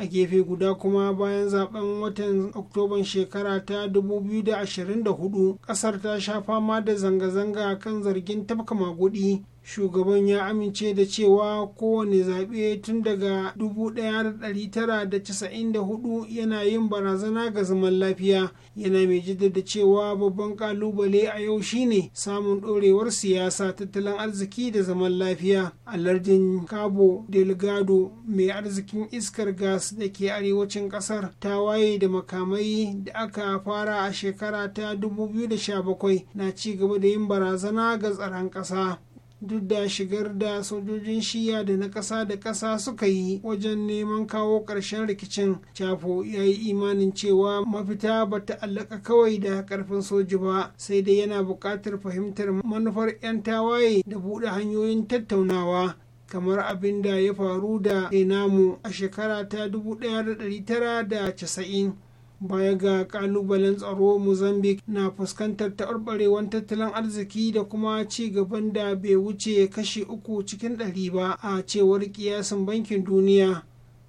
a gefe guda kuma bayan zaben watan oktoban shekara ta 2024 kasar ta sha fama da zanga-zanga kan zargin tafka magudi shugaban ya amince da cewa kowane zaɓe tun daga 1994 yana yin barazana ga zaman lafiya yana mai jaddada cewa babban kalubale a yau shine samun ɗorewar siyasa tattalin arziki da zaman lafiya a lardin cabo delgado mai arzikin iskar gas da ke arewacin ƙasar ta waye da makamai da aka fara a shekara ta 2017 na ci gaba da yin barazana ga tsaron ƙasa duk da shigar da sojojin shiya da na ƙasa da ƙasa suka yi wajen neman kawo ƙarshen rikicin chafo ya yi imanin cewa mafita ba ta allaka kawai da ƙarfin soji ba sai dai yana buƙatar fahimtar manufar 'yan tawaye da buɗe hanyoyin tattaunawa kamar abin da ya faru da namu a shekara ta 1990 baya ga kalubalen tsaro mozambique na fuskantar taɓarɓarewar tattalin arziki da kuma ci gaban da bai wuce kashi uku cikin ɗari ba a cewar kiyasin bankin duniya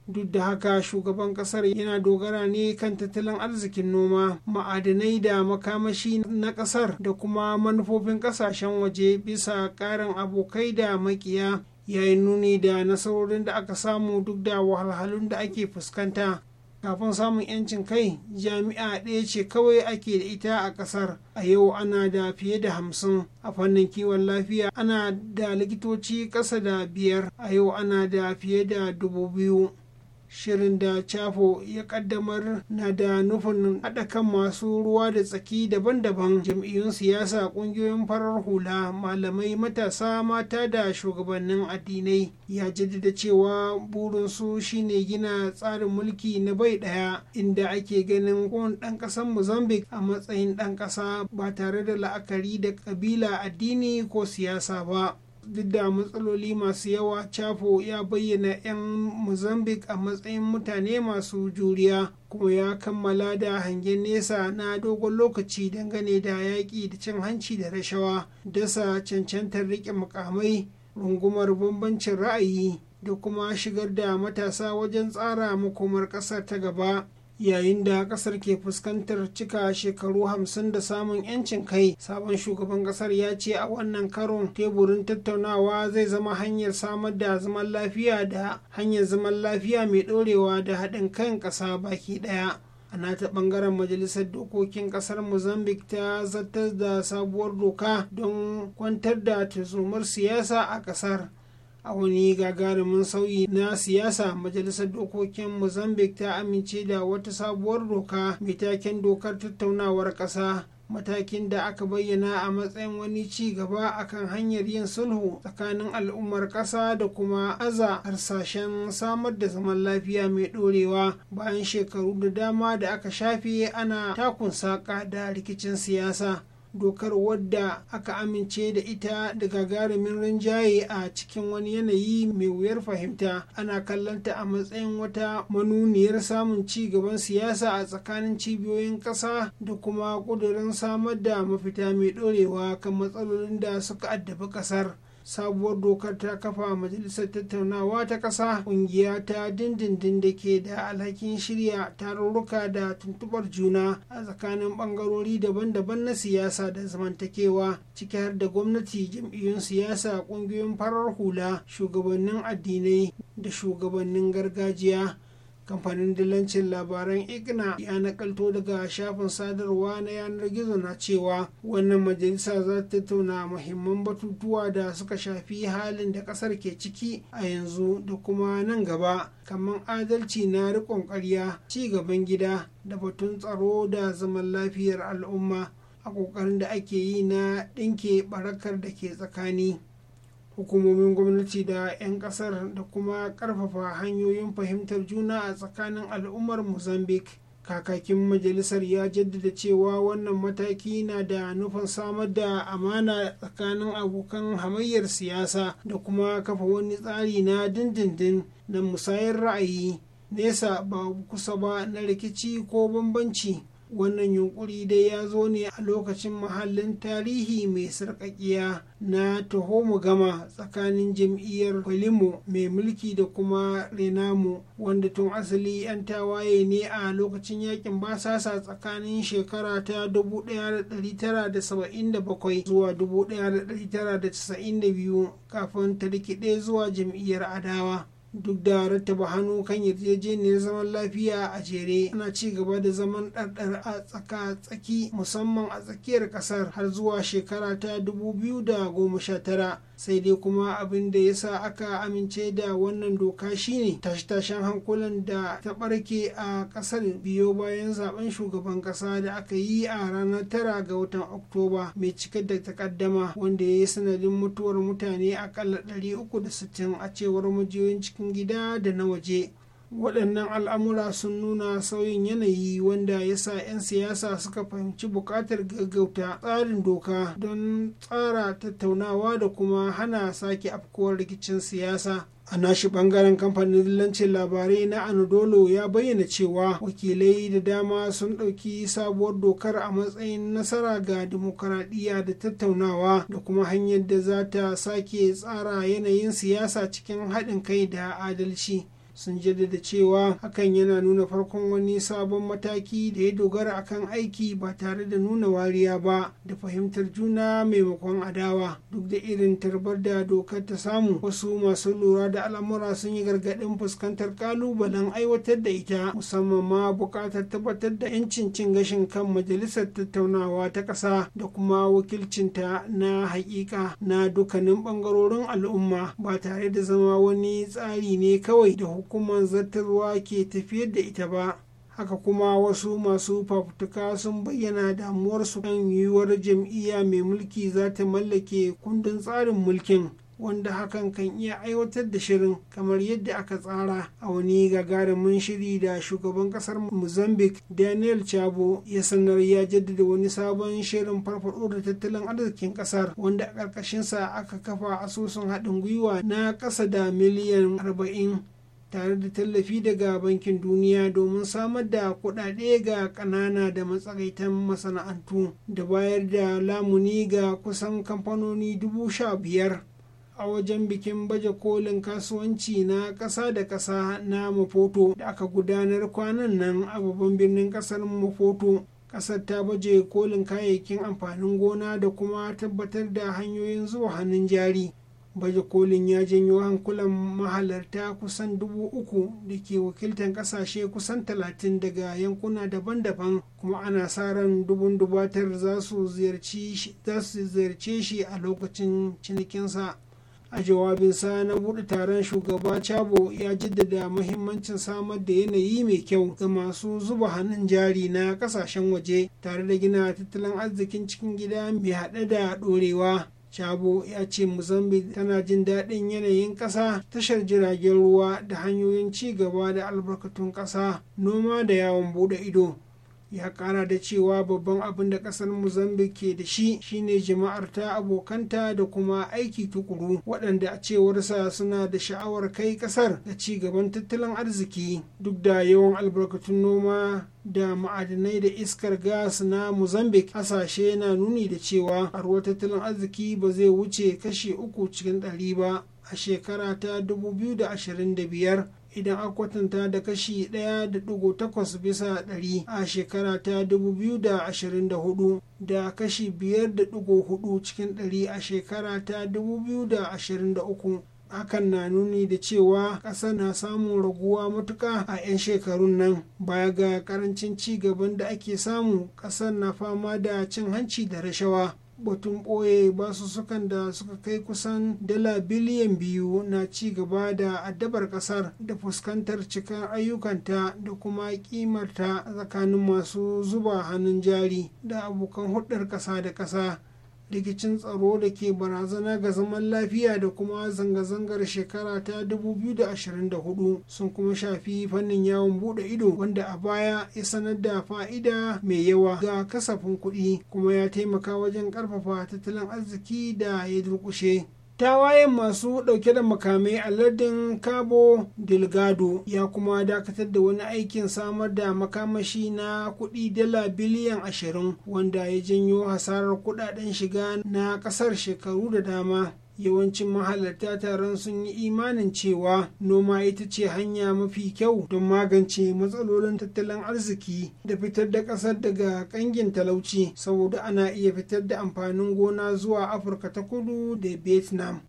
duk da haka shugaban kasar yana dogara ne kan tattalin arzikin noma ma'adanai da makamashi na kasar da kuma manufofin kasashen waje bisa karin abokai da makiya yayin nuni da nasarorin da aka samu duk da wahalhalun da ake fuskanta kafin samun yancin kai jami'a ɗaya ce kawai ake da ita a ƙasar a yau ana da fiye da hamsin a fannin kiwon lafiya ana da likitoci ƙasa da biyar a yau ana da fiye da dubu biyu shirin da chapo ya kaddamar na da nufin haɗa kan masu ruwa da tsaki daban-daban jam'iyyun siyasa ƙungiyoyin farar hula malamai matasa mata da shugabannin addinai ya jaddada cewa burinsu shine gina tsarin mulki na bai ɗaya inda ake ganin kowane ɗan ƙasar mozambique a matsayin ɗan ƙasa ba tare da la'akari da ƙabila addini ko siyasa ba duk da matsaloli masu yawa chapo ya bayyana 'yan mozambique a matsayin mutane masu juriya kuma ya kammala da hangen nesa na dogon lokaci dangane da yaƙi da cin hanci da rashawa dasa cancantar riƙe mukamai rungumar bambancin ra'ayi da kuma shigar da matasa wajen tsara makomar ƙasar ta gaba yayin da kasar ke fuskantar cika shekaru hamsin da samun yancin kai sabon shugaban kasar ya ce a wannan karon teburin tattaunawa zai zama hanyar samar da zaman lafiya da hanyar zaman lafiya mai ɗorewa da haɗin kan ƙasa baki ɗaya a nata bangaren majalisar dokokin ƙasar mozambique ta zartar da sabuwar doka don kwantar da tuzumar siyasa a ƙasar. a wani gagarumin sauyi na siyasa majalisar dokokin mozambique ta amince da wata sabuwar doka mai taken dokar tattaunawar ƙasa matakin da aka bayyana a matsayin wani ci gaba akan hanyar yin sulhu tsakanin al'ummar ƙasa da kuma aza harsashen samar da zaman lafiya mai ɗorewa bayan shekaru da dama da aka shafe ana takun saƙa da rikicin siyasa dokar wadda aka amince da ita daga gagarumin rinjaye a cikin wani yanayi mai wuyar fahimta ana kallonta a matsayin wata manuniyar samun ci gaban siyasa a tsakanin cibiyoyin ƙasa da kuma ƙudurin samar da mafita mai ɗorewa kan matsalolin da suka addabi ƙasar sabuwar dokar ta kafa majalisar tattaunawa ta ƙasa ƙungiya ta dindindin da ke da alhakin shirya tarurruka da tuntubar juna a tsakanin ɓangarori daban-daban na siyasa da zamantakewa ciki har da gwamnati jam'iyyun siyasa ƙungiyoyin farar hula shugabannin addinai da shugabannin gargajiya kamfanin dillancin labaran igna ya nakalto daga shafin sadarwa na yanar gizo na cewa wannan majalisa za ta tattauna muhimman batutuwa da suka shafi halin da kasar ke ciki a yanzu da kuma nan gaba kamar adalci na riƙon ƙarya ci gaban gida da batun tsaro da zaman lafiyar al'umma a ƙoƙarin da ake yi na ɗinke barakar da ke tsakani hukumomin gwamnati da 'yan kasar da kuma karfafa hanyoyin fahimtar juna a tsakanin al'ummar mozambique kakakin majalisar ya jaddada cewa wannan mataki na da nufin samar da amana tsakanin abokan hamayyar siyasa da kuma kafa wani tsari na dindindin na musayar ra'ayi nesa ba kusa ba na rikici ko bambanci wannan yunkuri dai ya zo ne a lokacin mahallin tarihi mai sarƙaƙiya na tohomu gama tsakanin jam'iyyar kwalimo mai mulki da kuma renamo wanda tun asali 'yan tawaye ne a lokacin yakin basasa tsakanin shekara ta 1977 zuwa 1992 kafin ta rikide zuwa jam'iyyar adawa duk da rattaba hannu kan yarjejeniyar zaman lafiya a jere ana ci gaba da zaman ɗarɗar a tsaka-tsaki musamman a tsakiyar ƙasar har zuwa shekara ta 2019 sai dai kuma abin da ya sa aka amince da wannan doka shine tashe-tashen hankulan da ta barke a kasar biyo bayan zaben shugaban kasa da aka yi a ranar tara ga watan oktoba mai cike da takaddama wanda ya yi sanadin mutuwar mutane akalla 360 a cewar majiyoyin cikin gida da na waje waɗannan al'amura sun nuna sauyin yanayi wanda ya sa 'yan siyasa suka fahimci buƙatar gaggauta tsarin doka don tsara tattaunawa da kuma hana sake afkuwar rikicin siyasa a nashi ɓangaren kamfanin dillancin labarai na anadolu ya bayyana cewa wakilai da dama sun ɗauki sabuwar dokar a matsayin nasara ga dimokuraɗiyya da tattaunawa da kuma hanyar da za ta sake tsara yanayin siyasa cikin haɗin kai da adalci sun jaddada cewa hakan yana nuna farkon wani sabon mataki da ya dogara akan aiki ba tare da nuna wariya ba da fahimtar juna maimakon adawa duk da irin tarbar da dokar ta samu wasu masu lura da al'amura sun yi gargaɗin fuskantar kalubalen aiwatar da ita musamman ma buƙatar tabbatar da 'yancin cin gashin kan majalisar tattaunawa ta ƙasa da kuma wakilcinta na haƙiƙa na dukkanin ɓangarorin al'umma ba tare da zama wani tsari ne kawai da hukumar hukumar zartarwa ke tafiyar da ita ba haka kuma wasu masu fafutuka sun bayyana damuwarsu kan yiwuwar jam'iyya mai mulki za ta mallake kundin tsarin mulkin wanda hakan kan iya aiwatar da shirin kamar yadda aka tsara a wani gagarumin shiri da shugaban kasar mozambique daniel chabo ya sanar ya jaddada wani sabon shirin farfado da tattalin arzikin kasar wanda a ƙarƙashinsa aka kafa asusun haɗin gwiwa na ƙasa da miliyan 40 tare da tallafi daga bankin duniya domin samar da kuɗaɗe ga ƙanana da matsakaitan masana'antu da bayar da lamuni ga kusan kamfanoni dubu sha biyar a wajen bikin baje kolin kasuwanci na ƙasa da ƙasa na mafoto da aka gudanar kwanan nan a babban birnin ƙasar mafoto ƙasar ta baje kolin kayayyakin amfanin gona da kuma tabbatar da hanyoyin zuwa hannun jari baje kolin ya janyo hankulan mahalarta kusan dubu uku da ke wakiltar kasashe kusan talatin daga yankuna daban-daban kuma ana sa ran dubun dubatar za su ziyarce shi a lokacin cinikinsa a jawabinsa na buɗe taron shugaba cabo ya jaddada muhimmancin samar da yanayi mai kyau ga masu zuba hannun jari na kasashen waje tare da gina tattalin arzikin cikin gida mai haɗe da ɗorewa Chabo ya ce Mozambique tana jin daɗin yanayin ƙasa, tashar jiragen ruwa da hanyoyin ci gaba da albarkatun ƙasa, noma da yawon buɗe ido. ya kara da cewa babban abin da kasar mozambique ke da shi shine jama'ar ta abokanta da kuma aiki tukuru waɗanda a cewarsa suna da sha'awar kai kasar da ci gaban tattalin arziki duk da yawan albarkatun noma da ma'adinai da iskar gas na mozambique hasashe na nuni da cewa arwa tattalin arziki ba zai wuce kashe uku cikin ɗari ba a shekara ta 2025 idan a kwatanta da kashi 1.8 bisa ɗari a shekara ta 2024 da kashi 5.4 cikin ɗari a shekara ta 2023 hakan na nuni da cewa ƙasa na samun raguwa matuƙa a 'yan shekarun nan baya ga ƙarancin ci gaban da ake samu ƙasar na fama da cin hanci da rashawa batun ɓoye sukan da suka kai kusan dala biliyan biyu na ci gaba da addabar ƙasar da fuskantar cikar ayyukanta da kuma kimarta tsakanin masu zuba hannun jari da abokan hudar ƙasa da ƙasa rikicin tsaro da ke barazana ga zaman lafiya da kuma zanga-zangar shekara ta 2024 sun kuma shafi fannin yawon bude ido wanda a baya ya sanar da fa'ida mai yawa ga kasafin kuɗi kuma ya taimaka wajen ƙarfafa tattalin arziki da ya durƙushe. tawayen masu dauke da makamai a lardin cabo delgado ya kuma dakatar da wani aikin samar da makamashi na kudi dala biliyan ashirin wanda ya janyo hasarar kudaden shiga na kasar shekaru da dama yawancin mahalarta taron sun yi imanin cewa noma ita ce hanya mafi kyau don magance matsalolin tattalin arziki da fitar da ƙasar daga ƙangin talauci saboda ana iya fitar da amfanin gona zuwa afirka ta kudu da vietnam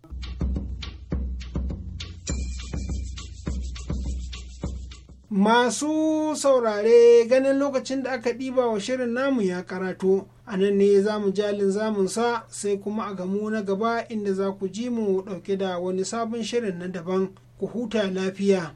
masu saurare ganin lokacin da aka ɗiba wa shirin namu ya karato a nan ne za mu jalin zamunsa sai kuma a gamu na gaba inda za ku ji mu dauke da wani sabon shirin na daban ku huta lafiya.